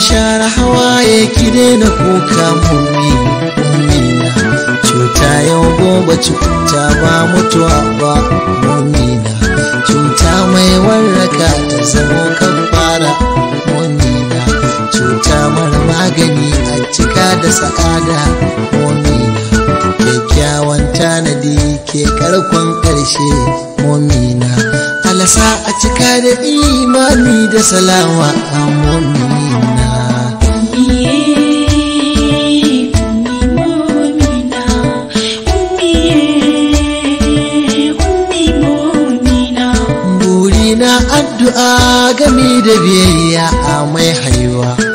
su hawa hawaye ki daina kuka mummi mummina cuta yau gobe cuta ba mutuwa ba mummina cuta mai warraka ta zamo kan fara mummina cuta mara magani a cika da sa'ada mummina kyakkyawan tanadi ke karkon ƙarshe mummina alasa a cika da imani da salawa a mummina addu'a gami da biyayya mai haiwa